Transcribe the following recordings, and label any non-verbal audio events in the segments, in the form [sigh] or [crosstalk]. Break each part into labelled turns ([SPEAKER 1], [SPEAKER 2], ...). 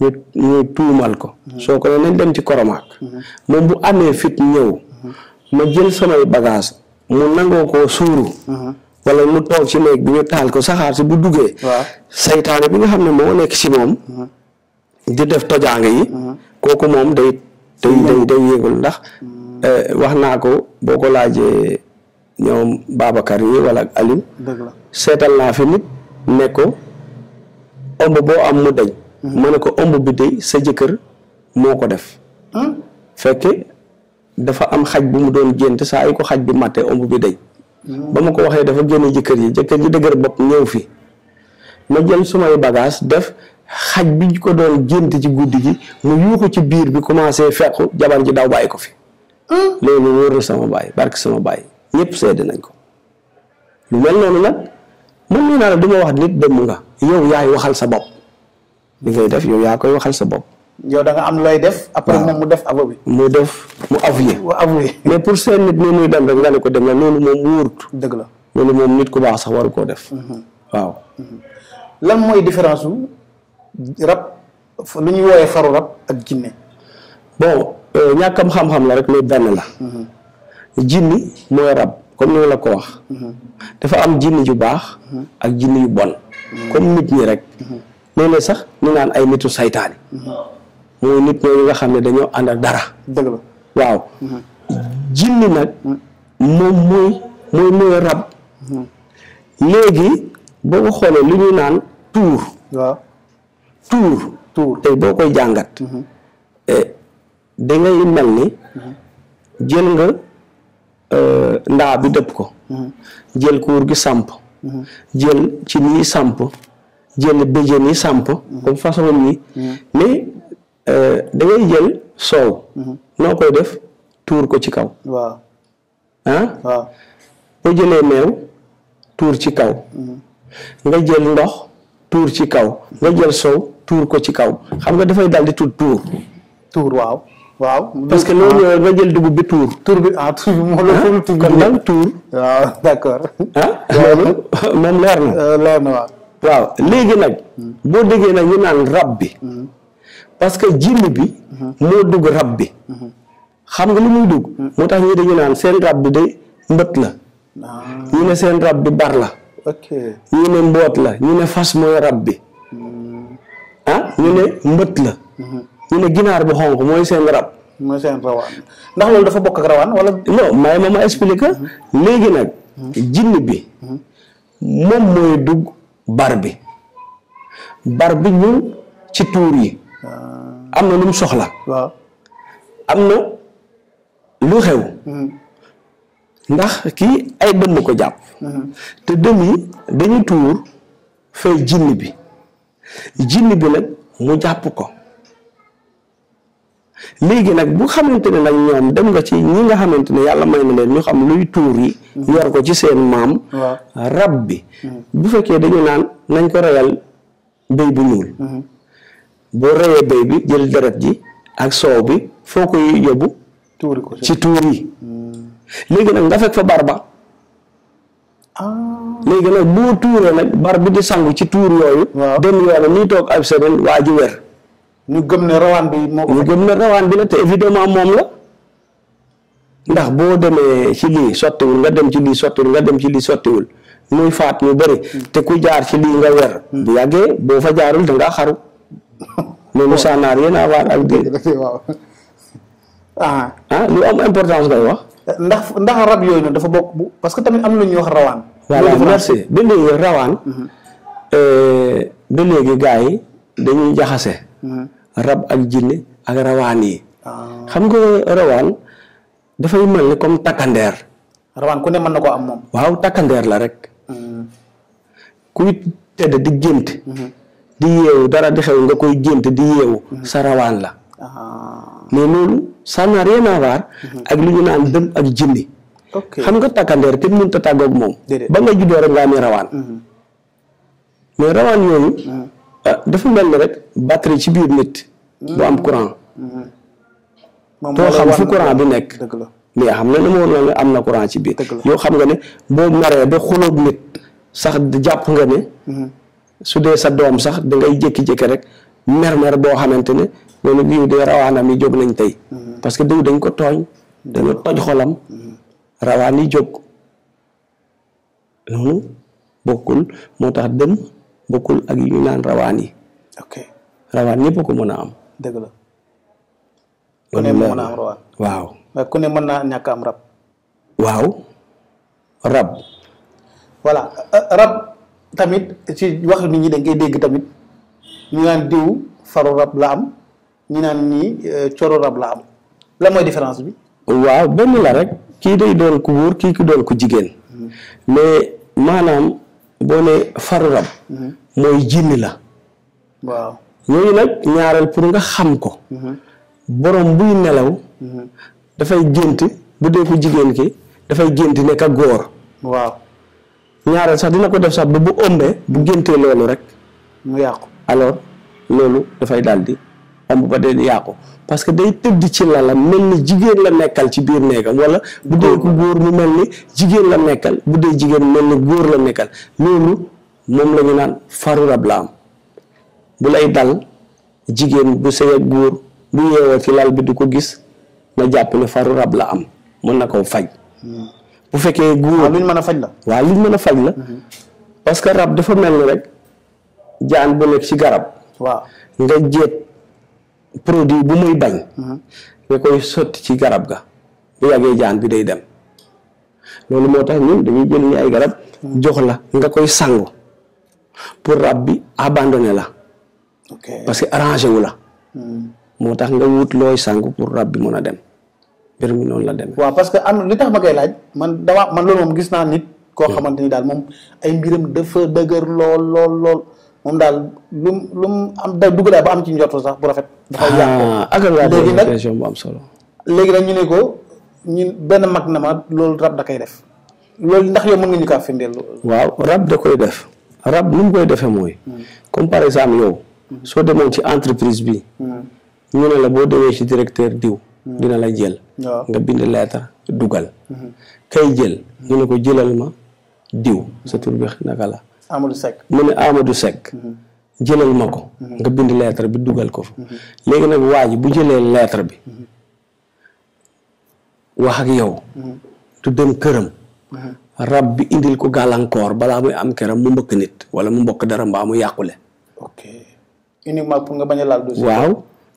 [SPEAKER 1] ñu ñu tuumal ko. Mm-hmm. soo ko ne nañ dem ci koromaak. Mm-hmm. moom bu amee fit ñëw. Mm-hmm. ma jël samay bagage mu nangoo koo suuru. wala mu toog ci néeg bi ñu taal ko saxaar si bu duggee. seytaane bi nga xam ne moo nekk ci moom. di def tojaange yi. kooku moom day day day yéegul ndax. Eh, wax naa ko boo ko laajee ñoom Babacar yi wala Aliou. seetal naa fi nit ne ko ombo bo am mu dañ ma ne ko omb bi dey sa jëkër moko def hmm? fekke dafa am xaj bu mu doon gént sa ay ko xaj bi maté ombo bi dey hmm. ba ko dafa gënë jëkër yi jëkër yi dëgër bop ñëw fi ma jël sumay bagage def xaj bi ko doon gént ci guddi gi mu yuuxu ci biir bi commencé fekk jabar ji daw bàyyi ko fi hmm? loolu wóor na sama bay bark sama bay ñepp seede nañ ko lu mel nonu nag mën nee la duma wax nit dem nga yow yaay waxal sa bopp li ngay def yow yaa koy waxal sa bopp. yow da am lay def. après moom mu def avo bi. mu def mu avoué. mu avoué mais pour seen nit muy dem rek nga ne ko dem na loolu moom wóorut. dëgg la loolu moom nit ku baax sax waru koo def. Mhm. waaw. Mhm. lan mooy différence su rab lu ñuy woowee faru rab ak jinne. bon euh, ñàkkam xam-xam la rek mais benn la. Mhm. jinni mooy rab comme ni la ko wax. dafa am jinni ju baax. ak jinni yu bon. comme nit ñi rek nee sax ñu naan ay nitu saytaani mooy nit ñooñu nga xam ne dañoo ànd ak dara dëgg waaw jinni nag moom mooy mooy mooy rab léegi boo ko xoolee li ñu naan tuur waaw tuur tey boo koy jàngat mhm. eh, da mel ni mhm. jël nga eh, ndaa bi dëpp ko mhm. jël kuur gi samp jël ci nii samp jël béjjën yi samp comme façon nii mais euh, dangay jël soow noo koy def tuur ko ci kaw waaw ah boo jëlee meew tuur ci kaw nga jël ndox tuur ci kaw nga jël soow tuur ko ci kaw xam nga dafay daal di tuur tuur waaw waaw parce que loolu euh, nga jël dugub bi tuur. tuur bi ah tuur bi moo la ah, ful tuur bi kon nag tuur. waaw d'accord. ah loolu [laughs] moom leer na. Euh, leer na waaw. léegi nag. Hmm. boo déggee nag ñu naan rab bi. Hmm. parce que jinn bi. Hmm. moo dugg rab bi. xam nga lu muy dugg. moo tax ñu dañu naan seen rab bi de mbët la. Ah. ñu ne seen rab bi bar la. ok ñu ne mboot la ñu ne fas mooy rab bi. ah ñu ne mbëtt la. Mhm. ñu ne ginaar bu xonq mooy seen rab. mooy ndax loolu dafa bokk ak rawaan wala. non may ma ma expliquer. Mhm. léegi nag. Mhm. jinn bi. moom mooy dugg bar bi. bar bi ñu ci tuur yi. Ah. am na lu mu soxla. waaw am na lu xew. ndax kii ay dëmm ko jàpp. te dëmm yi dañu tuur fay jinn bi. jinni bi nag mu jàpp ko léegi nag bu xamante ne nag ñoom dem nga ci ñi nga xamante ne yàlla may na leen ñu xam luy tuur yi yor ko ci seen maam rab bi bu fekkee dañu naan nañ ko reyal béy bu ñuul mm-hmm. boo reyee béy bi jël deret ji ak soow bi foo koy yóbbu ci tuur yi mm. léegi nag nga fekk fa barba ah. léegi nak bo tuuree nak bar bi di sangu ci tour yoyu dem yoyu ni tok ab seven waji wer ñu gëm ne rawan bi moko ñu gëm ne rawan bi la te évidemment mom la ndax bo demee ci soti wul nga dem ci soti wul nga dem ci soti wul muy faat ñu bari te ku jaar ci li nga wer hmm. bu yagge bo fa jaarul da nga xaru mo ça sanar yena à ak dé [laughs] ah ah lu am importance ngay wax eh, ndax ndax rab yoyu nag dafa bok bu parce que tamit am na ñu wax rawaan voilà merci mhm. euh, ba yi dañuy jaxase mhm. ak jinne ak ah. nga rawaan dafay mel ni comme takkandeer rawaan na koo am moom waaw takkandeer la rek mhm. kuy tëdd di gént di yeewu dara di xew nga koy gént di yeewu sa rawaan la ah. mais loolu ça n'a rien à voir ak lu ñu naan dëm ak jinne xam nga takandeer te mënut ta tàggoog moom ba nga juddoo rek nga amee mhm. rawaan mais rawaan yooyu mhm. eh, dafa mel rek batterie ci biir nit bu mhm. am courant too xam fu courant bi nekk mais xam na ne moo am na courant ci biir yow xam nga ne boo maree ba xuloog nit sax jàpp nga ne su dee sa doom sax da ngay jékki-jékki rek mer-mer boo xamante ne loolu bii dee rawaanam yi jóg nañ tey parce que diw dañ ko tooñ dañu toj xolam rawaani jóg bokkul moo tax dëm bokkul ak yu ñu naan rawaan yi. ok rawaan ñëpp ko mën a am. dëgg la. ku mën waaw. ku ne mën naa ñàkk am rab. waaw rab. voilà euh, rab tamit ci wax nit ñi da dégg tamit ñu naan diw faru rab la am ñu naan ñi euh, coro rab la am la mooy différence bi. waaw benn la rek. kii de doon ku wóor kii ki doon ku jigéen mais maanaam boo ne faru rab mooy jinni la waaw yooyu nag ñaareel pour nga xam ko mhm. borom buy nelaw mhm. dafay gént bu dee ko jigéen ki dafay gént nekk ak góor waaw ñaareel sax dina ko def sax ba bu ëmbee bu géntee loolu rek mu yàqu alors loolu dafay daal am ba den yaqku parce que day tëdd ci la la melni jigen la nekkal ci bir neega wala bu dee ko goor mu melni ni la nekkal bu dee jigen melni goor la nekkal lolu mom lañu nan faru rablam la bu lay dal jigen bu sey ak goor bu yewé fi lal bi du ko gis na japp ne faru rab am mën nako fajj bu fekkee goor ah, luñ mën a la wa luñ mëna fajj la mhm. parce que rab dafa melni rek jaan bu nek ci garab wa nga jéet produit bu muy bañ nga koy sotti ci garab ga bu yagee jaan bi day dem loolu moo tax ñun dañuy jël ni ay garab jox la nga koy sangu pour rab bi abandonné la parce que arrangé wu la hmm. moo tax nga wut looy sangu pour rab bi mën a dem mbir mi noonu la dem waaw parce que am li tax ma koy laaj man dama man loolu moom gis naa nit koo xamante ni daal ay mbiram dafa dëgër lool lool lool moom daal lu mu mu am da dugg daal ba am ci njortu sax bu rafet. dafay yàq ah, ak bu am solo. léegi nag ñu ne ko ñun benn mag na ma loolu da koy def loolu ndax yow mën nga ñu kaa firndeel. waaw rab da koy def. rab nu mu koy defee mooy. Hmm. comme par exemple yow. Hmm. soo demoon ci entreprise bi. mu hmm. ne la boo demee ci directeur diw. dina la jël. nga bind lettre dugal. kay jël. ñu ne ko jëlal ma diw. sa tur bi naka la. Amadou Seck mu ne Amadou Seck. Mhm. jëlal ma ko. Mhm. nga bind lettre bi dugal ko fa. Mhm. léegi nag waa ji bu jëlee lettre bi. wax ak yow. du dem këram. rab bi indil ko gàllankoor balaa muy am këram mu mbëkk nit wala mu mbokk dara mbaa mu yàqule. ok uniquement pour waaw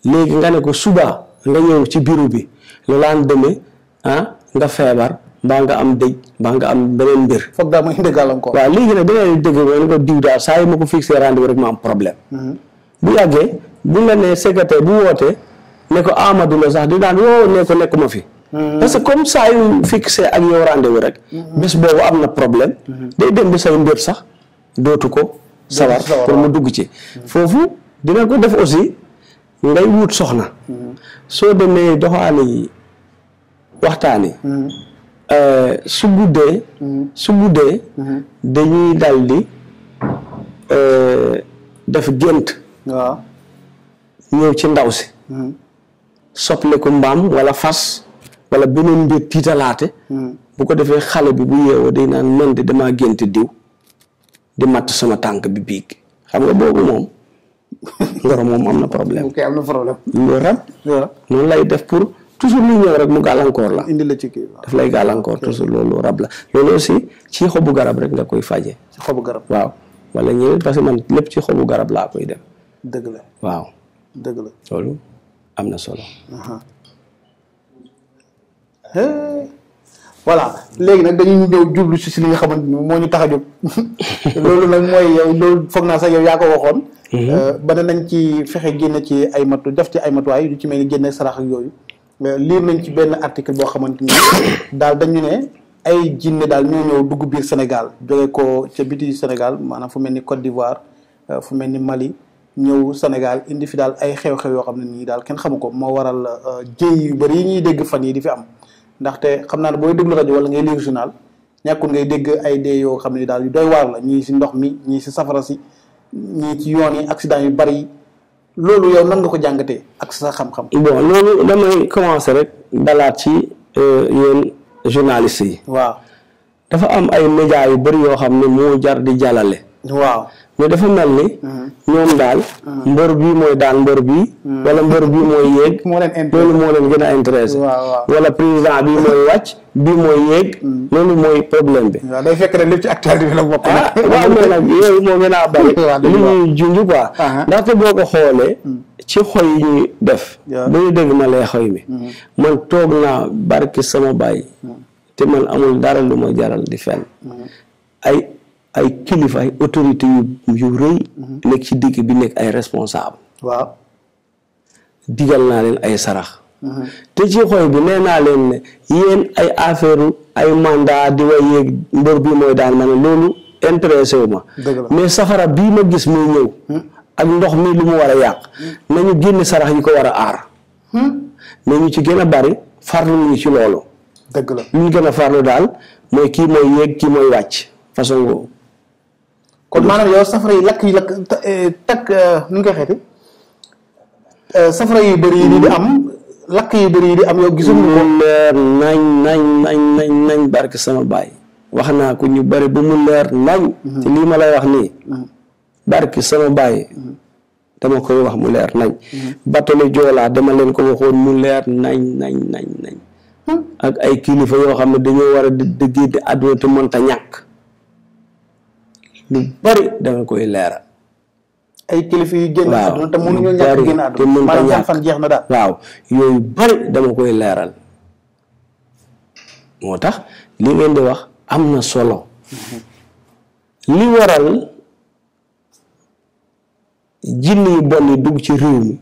[SPEAKER 1] léegi nga ne ko suba nga ñëw ci bureau bi le lendemain ah, nga feebar. mbaa nga am dëj mbaa nga am beneen mbir. foog daal mooy indi gàllankoor. waaw léegi nag da ngay dégg nga ko diw daal saa yu ma ko fixé rendez rek ma am problème. Mhm. bu yàggee bu la nee secrétaire bu wootee ne ko Amadou la sax di daan woo ne ko nekk fi. Mhm. parce que comme saa yu fixé ak yow rendez rek. Mhm. bés boobu am na problème. day dem bi say mbir sax dootu ko. sawar pour mu dugg ci. foofu dina ko def aussi ngay wut soxna. soo demee doxaani waxtaani. Euh, su guddee. Mm-hmm. su guddee. Mm-hmm. dañuy dal di euh, def gént. waaw ñëw ci ndaw si. Mm-hmm. sople ko mbaam walla fas wala beneen mbir tiitalaate. bu ko defee xale bi bu yeewoo day naan man de damaa gént diw di matt sama tànk bi biig xam nga boobu moom ngoro moom am na problème. ok am na problème. loolu lay def pour. toujours lu ñew rek mu encore la indi la ci ki daf lay encore toujours lolu rab la lolu aussi ci xobu garab rek nga koy faje ci xobu garab waaw wala ñew parce que man lepp ci xobu garab la koy def deug la waaw deug la loolu am na solo voilà léegi nag dañuy ñëw jublu si si li nga xamante ni moo ñu tax a jóg [laughs] loolu nag mooy yow loolu foog naa sax yow yaa ko waxoon mhm. euh, ba nañ ci fexe génne ci ay matu def ci ay matuwaay yu ci mel ni sarax ak yooyu liir nañ ci benn article boo xamante ni [coughs] daal dañu ne ay jinne daal ñoo ñëw dugg biir Sénégal jóge ko ca biti Sénégal maanaam fu mel ni Côte d'Ivoire euh, fu mel ni Mali ñëw Sénégal indi fi daal ay xew-xew yoo xam ne nii daal kenn xamu ko moo waral euh, jëy yu bari yi ñuy dégg fan yi di fi am ndaxte xam naa ne booy déglu rajo wala ngay lire journal ñàkkul ngay dégg ay dee yoo xam ne daal yu doy waar la ñii si ndox mi ñii si safara si ñii ci yoon yi accident yu bëri loolu yow nan nga ko jàngatee ak sa xam-xam. bon loolu damay commencer rek dalaat ci euh, yéen journalistes yi. waaw dafa am ay médias yu bëri yoo xam ne moo jar di jàllale. waaw mais dafa mel ni. ñoom daal. mbër bii mooy daan mbër bii. wala mbër bii mooy yéeg. loolu gën a intéressé. wala président bii mooy wàcc. bii mooy yéeg. Mm. loolu mooy problème bi. waaw day fekk rek lépp ci actualité bi la bokk. ah waaw mais nag yooyu a bari. [laughs] ñuy junj quoi. Ah, ah. ndaxte boo ko xoolee. Mm. ci xoy yi ñuy def. bu ñu dégg ma lay xoy mi. Mm. man toog naa barki sama baay. te man amul dara lu ma jaral di fenn. ay kilifa ay autorité yu yu rëy mhm. nekk ci digg bi nekk ay responsable waaw digal naa leen ay sarax mhm. te ci xooy bi nee naa leen ne yéen ay affaire ay mandat di way yéeg mbër bi mooy daan ma ne loolu intéressé wu ma mais safara bii ma gis muy ñëw hmm. ak ndox mi lu mu war a yàq hmm. nañu génn sarax yi ko war a aar mais hmm. ñu ci gën a bari farlu ñu ci loolu dëgg la ñu gën a farlu daal mooy kii mooy yéeg kii mooy wàcc façon boobu kon maanaam yow safara yi lakk yi lakk eh, takk eh, nu ñu koy xeeti eh, safara yu bëri yi di am lakk yu bëri yi di am yow gisul ko leer nañ nañ nañ nañ nañ sama baay wax naa ko ñu bëri bu mu leer nañ mm-hmm. te wax nii mm-hmm. barke sama baay mm-hmm. dama koy wax mu leer nañ batale joolaa dama leen ko waxoon mu leer nañ nañ nañ nañ hmm? ak ay kilifa yoo xam ne dañoo war a dëggee di àdduna te mënta ñàkk lu bari danga koy leeral. ay kilifa yu génn àdduna te mënuñu ñàkk génn àdduna jeex na daal waaw yooyu koy leeral moo tax li am na solo li waral jinn yu bon yi dugg ci réew mi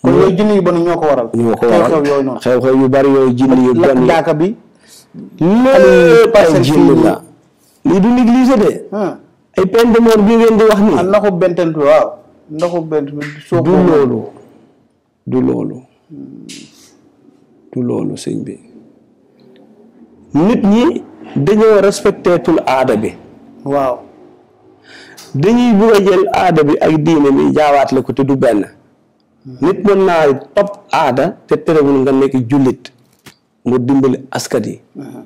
[SPEAKER 1] kon yooyu jinn yu bon yi ñoo ko waral ñoo ko waral xew-xew yu bari yooyu jinn yu bon yi daaka bi ay jinn la lii du négligé de. Hmm. ay peine de mort bi ngeen di du loolu. du nit ñi dañoo respecteetul aada bi. waaw. dañuy bëgg jël aada bi ak diine bi jaawaat la ko te du benn. Hmm. nit mën naa topp aada te terewul nga nekk jullit mu dimbali askat yi. Hmm.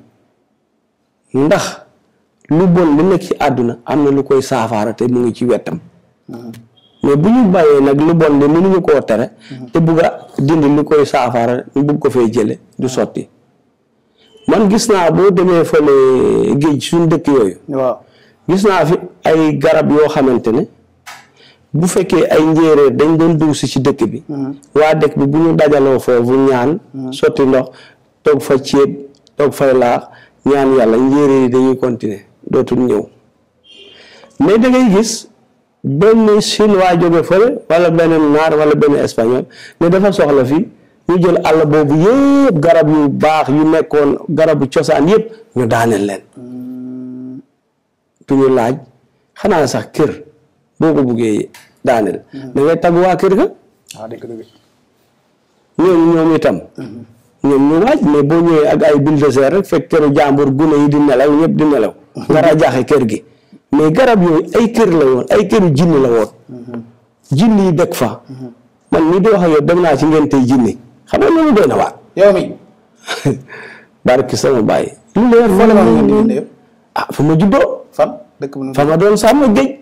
[SPEAKER 1] ndax. lu bon lu nekk ci àdduna am na lu koy saafaara te mu ngi ci wetam mais bu ñu bàyyee nag lu bon de mënuñu koo tere mhm. te bugg a dindi lu koy saafaara ñu bugg ko fee jële du sotti man gis naa boo demee fële géej suñ dëkk yooyu waaw gis naa fi ay garab yoo xamante ne bu fekkee ay njéeréer dañ doon dugg si ci dëkk bi mhm. waa dëkk bi bu ñu dajaloo foofu ñaan mhm. sotti ndox toog fa ceeb toog fay laax ñaan yàlla njéeréer yi dañuy continuer dootul ñëw mais dangay gis benn chinois jóge fële wala benn naar wala benn espagnol ne dafa soxla fii ñu jël àll boobu yëpp garab yu baax yu nekkoon garabu cosaan yëpp ñu daaneel leen du laaj xanaa sax kër boo ko buggee daaneel mm-hmm. da ngay waa kër ga ah, ñooñu ñoom itam mm-hmm. ñoom ñu waaj mais boo ñëwee ak ay bulldozer rek fekk këru jàmbur gune yi di nelaw ñëpp di nelaw nga mm-hmm. rajaaxe kër gi mais garab yooyu ay kër la woon ay këru jinni la woon mm-hmm. jinni yi dëkk fa mm-hmm. man mii di wax yow dem naa ci ngeen tey jinni xam nga loolu doy na waar yow mi [laughs] barki sama fa ah fa ma sàmm géej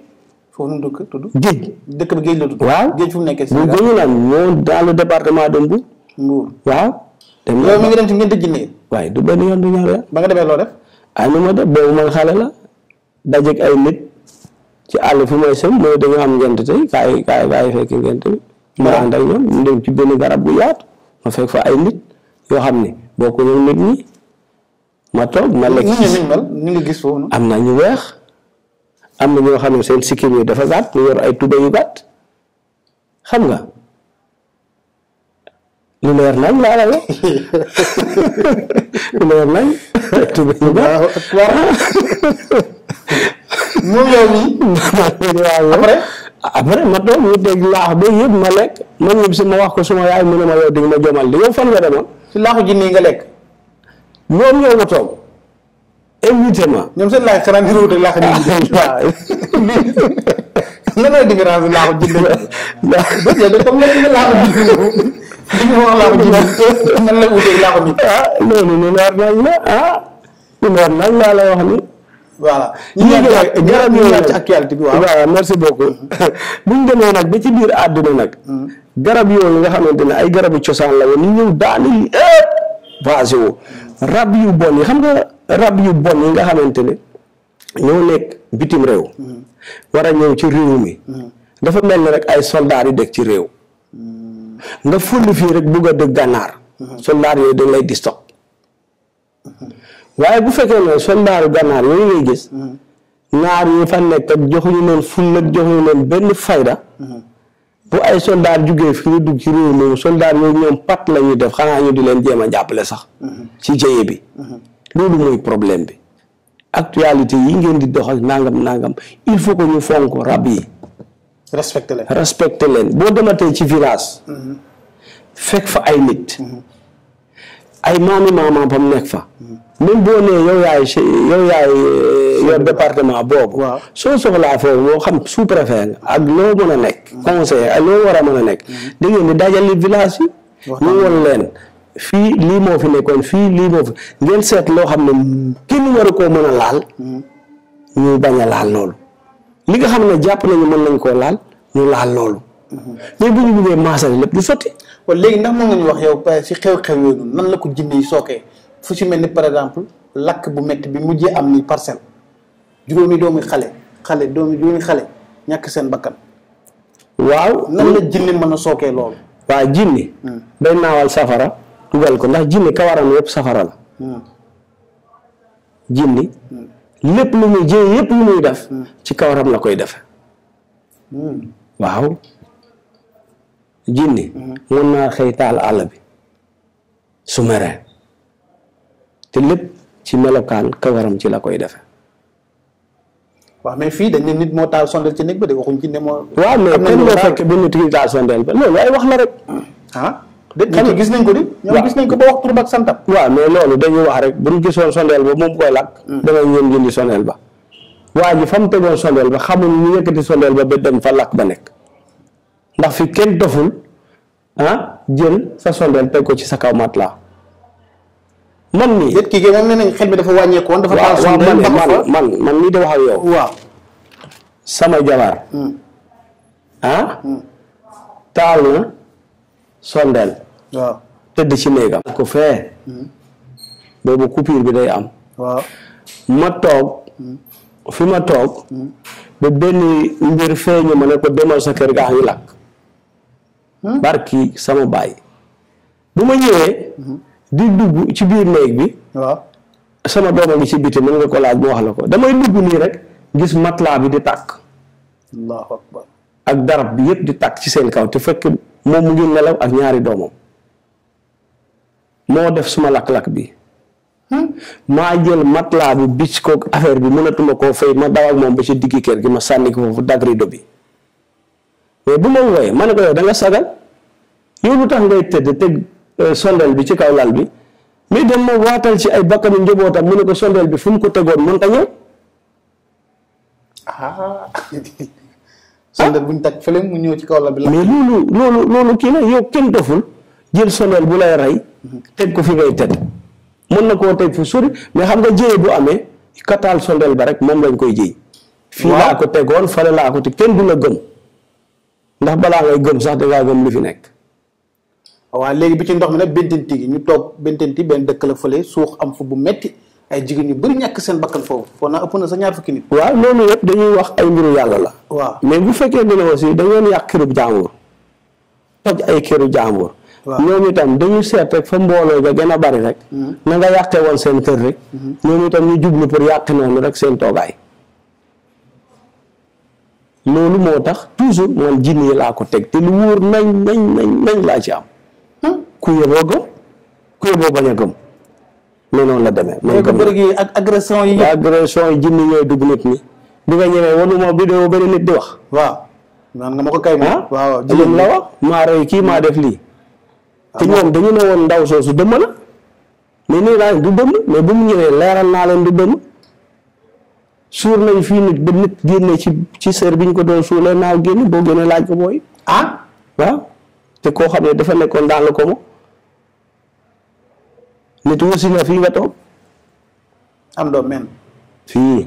[SPEAKER 1] dëkk tudd géej dëkk géej la tudd waaw géej fu mu bu gëñu naan ñoo dans le département de Mbour waaw te dem ngeen tëj gi waaye du benn yoon du ñaar yoon. ba nga demee loo def. ah nu ay nit ci àll fi mooy sëm mooy dañoo am ngent tey kaay kaay kaay fekk ngent bi. ma ànd ci benn garab bu yaatu ma fekk fa ay nit yoo xam ne bokkuñ ak nit ñi ma toog ma lekk. ñu ngi gis foofu am na ñu weex am na ñoo xam ne seen sikkim yi dafa gàtt ñu yor ay tuba yu gàtt xam nga. lu leer nañ laa la wax leer nañ. [laughs] waaw mu ñëw yi. après. ma toog ñu dégg laax ba yëpp ma lekk ma ñëw si ma wax ko suma yaay mu ne ma yow dégg ma jomal di yow fan nga demoon. si laaxu jinne nga lekk. ñoom ñoo ma toog. invité ma. ñoom seen laax xanaa niroo ak laax. [laughs] waaw. [laughs] lan mooy différence bi laaxu jënd ba comme léegi laaxu jënd li ñu wax laaxu jënd nan la wutee laaxu nit. ah loolu lu leer nañ la ah lu leer nañ laa la wax ni. voilà ñu ngi garab yi ci actualité bi waaw waaw merci beaucoup mm-hmm. bu ñu demee nag ba ci biir àdduna nag mm-hmm. garab yooyu nga xamante ne ay garabu cosaan la woon ñu ñëw daani yëpp basé wu rab yu bon yi xam nga rab yu bon yi nga xamante ne ñoo nekk bitim réew. Mm-hmm. war a ñëw ci réew mi. Mm-hmm. dafa mel ni rek ay soldats yu dëkk ci réew. Mm-hmm. nga fël fii rek bugg a dëkk gànnaar. soldats yooyu dañ lay di stock. waaye bu fekkee ne soldats yu gànnaar yooyu gis. naar yi fa nekk ak joxuñu leen ful ak joxuñu leen benn fayda. bu ay soldaar jugee fi ñu dugg ci réew moomu soldaar yooyu ñoom pat la def xanaa ñu di leen jéem a jàppale sax. ci jëye bi. loolu mooy problème bi. actualité yi ngeen di dox ak nangam nangam il faut que ñu fonk rab yi. respecté leen respecté leen boo dematee ci village. fekk fa ay nit. ay maami maamaam fam nekk fa. même boo nee yow yaay yow yaay euh, yor département boobu. soo soxlaa foofu moo xam sous préfet nga ak loo mën a nekk. Mm-hmm. conseiller ak loo war a mën a nekk. Mm-hmm. da ngeen di dajale village yi. ñu won leen. fii lii moo fi nekkoon fii lii moo fi ngeen seet loo xam ne kenn waru koo mën a laal ñu bañ a laal loolu li nga xam ne jàpp nañu mën nañ koo laal ñu laal loolu mais bu ñu buggee maasale lépp du sotti waaw léegi ndax mën nga wax yow si xew-xew yooyu nan la ko jinne yi sookee fu si mel ni par exemple lakk bu métti bi mujjee am ni parcelle juróomi doomi xale xale doomi doomi xale ñàkk seen bakkan waaw nan la jinne mën a sookee loolu waaw jinne hmm. day naawal safara dugal ko ndax jinni kawaram yépp safara la hmm. jinni hmm. lepp lu muy jey yépp lu muy def hmm. ci kawaram la koy def waaw jinni mun na xeytal ala bi su meree te lepp ci melokan kawaram ci la koy def waaw mais fi dañ ne nit mo taal sondel ci nek ba de waxuñ ci ne mo wa mais ken lo fekk bu nit ki taal sondel ba loolu ay wax la rek ah dëgg xam gis nañ ko di. ñoom gis nañ ko ba wax pour bak santam. waaw mais loolu dañuy wax rek bu ñu gisoon ba moom koy lakk. dangay ñëw ba. waa ji fa mu ba xamul ñu yëkkati sondeel ba ah jël sa sondeel teg ko ci sa kaw matelas. man nii yëpp kii moom nee nañ xel mi man man man nii di sama jabar. ah taal na waaw tëdd ci néegam ko fee hmm. boobu coupure bi day am waaw ma toog hmm. fi ma toog hmm. ba benn mbir feeñu ma ne ko demal sa kër gaa ngi lakk barki sama baay bu ma ñëwee di dugg ci biir néeg bi waaw sama dooma ngi ci biti mën nga ko laaj mu wax la ko damay dugg nii rek gis matelas bi di tàkk ak darab bi yëpp di tàkk ci seen kaw te fekk moom mu ngi nelaw ak ñaari doomam moo def suma lakk-lakk bi maa jël matelas bu bicc kook affaire bi mënatuma koo fay ma daw moom ba ci diggi kër gi ma sànni ko foofu dagg rido bi bu ma wooyee ma ne ko yow tax ngay tëdd teg euh, bi ci kaw lal bi mais dem ma waatal ay bakkanu njabootam mu ne ko sondeel bi fu mu ko tegoon mën ta ah. [laughs] bu ñu teg fële mu ñëw ci kaw lal mais loolu loolu loolu kii la yow kenn doful. jël sonal bu lay ray tek ko fi ngay tedd mën na ko tek fu suri mais xam nga jëy bu amé katal sondeel ba rek mom lañ koy jëy fi la ko tegon fa la ko tek ken du la gëm ndax bala ngay gëm sax nga gëm lu fi nek wa léegi bi ci ndox mi nak bententi ñu tok bententi ben dekk la fële suux am fu bu metti ay jigeen yu bari ñak seen bakkan fofu fo na ëpp na sa ñaar fukki nit wa nonu yëpp dañuy wax ay mbiru yalla la wa mais bu fekkee ne aussi da ngeen yàq këru jàmbur toj ay këru jàmbur ñoom itam dañu seet rek fa mbooloo ba gën a bari rek mm-hmm. na nga yàqe woon seen kër rek mm-hmm. ñoom itam ñu jublu pour yàq rek seen toogaay loolu moo tax toujours man jinne yi laa ko teg te lu wóor nañ nañ nañ laa ci am ku yeboo gëm ku yeboo bañ a gëm mais noonu la demee mais ko bëri gi ak yi agression yi jinne ñooy dugg nit ñi bi nga ñëwee wanu ma vidéo bëri nit wax waaw naan nga ah? wax maa rey kii maa def lii te ñoom dañu ne woon ndaw soosu dëmm la mais nii daal du dëmm mais bu mu ñëwee leeral naa leen du dëmm suur nañ fii nit ba nit génne ci ci sër bi ñu ko doon suulee naa génn boo génne laaj ko booy ah te koo xam ne dafa nekkoon dans ko coma nit wësi na fii nga toog am doom men fii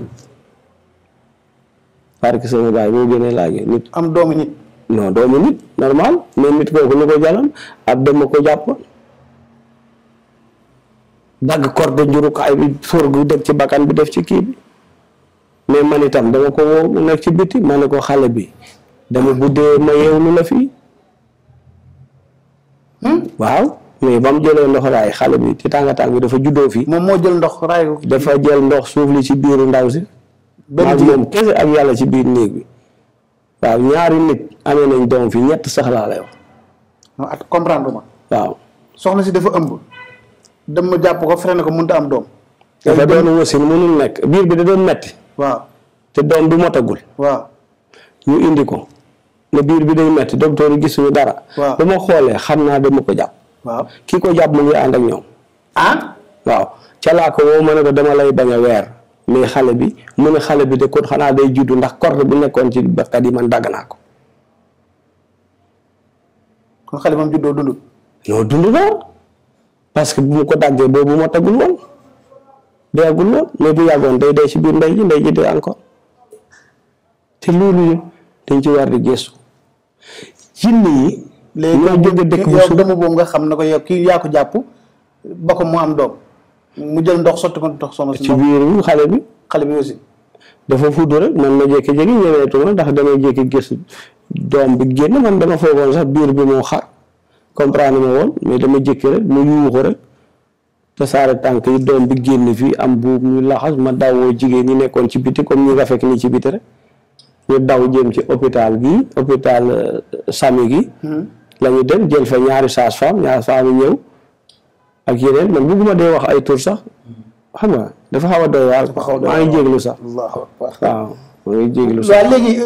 [SPEAKER 1] parce que sama gars yi boo génnee laajee nit am doomu nit non do minute normal mais nit ko lu ko jalan ab dama ko jàpp dagg corde ko ay sóor gu def ci bakan bi def ci ki bi mais man itam dama ko wo mu ci biti ma ko xale bi dama budde ma lu la fii hmm? waaw mais ba mu jëlee ndox ray xale bi ci tanga bi dafa juddo fi mom mo jël ndox ray dafa jël ndox souf li ci biiru ndaw si ak moom ak yalla ci biir neeg bi waaw ñaari nit amee nañ doom fi ñett sax laa lay wax. comprendre ma. waaw soxna si dafa ëmb. dem ma jàpp ko freiné ko mënut a am doom. dafa doon wasin mënul nekk biir bi da metti waaw te doom bi motagul. waaw indi ko. ne biir bi day metti docteur yi gisuñu dara. waaw ba ma xoolee xam naa dama ko jàpp. waaw kii ko jàpp mu ngi ànd ak ñoom. Ah? waaw ca ko woo ma ne ko dama lay bañ a weer. mais xale bi mu ne xale bi de kon xanaa day juddu ndax corde bu nekkoon ci bakkat yi man dagg naa ko. kon xale moom juddoo dund. non dund na parce que bu mu ko daggee boobu moo tagul woon deegul woon mais bu yàggoon day dee ci biir ndey ji ndey ji dee encore te loolu yëpp dañ ci war di gëstu. jinne yi. léegi ñoo jóge dëkk yow doomu boobu nga xam ne ko yow kii yaa ko jàpp ba ko mu am doom. mu jël ndox sotti ko ci biir xale bi xale bi aussi. dafa fudd rek man ma jékki-jékki ñëweetuma ndax damay jékki gis doom bi génn man dama foogoon sax biir bi moo xar comprendre ma woon mais dama jékki rek mu yuuxu rek te saare tànk yi doom bi génn fii am buub ñu laxas ma dawoo jigéen ñi nekkoon ci biti comme ñi nga fekk nii ci biti rek ñu daw jëm ci hôpital gi hôpital euh, Samy gi. Hmm. la ñu dem jël fa ñaari sage-femme ñaari femme ñëw. ak yeneen man bugguma dee wax ay tur sax hmm. xam nga dafa xaw a doy waar. dafa xaw a doy waar maa ngi jégalu sax. waaw maa ngi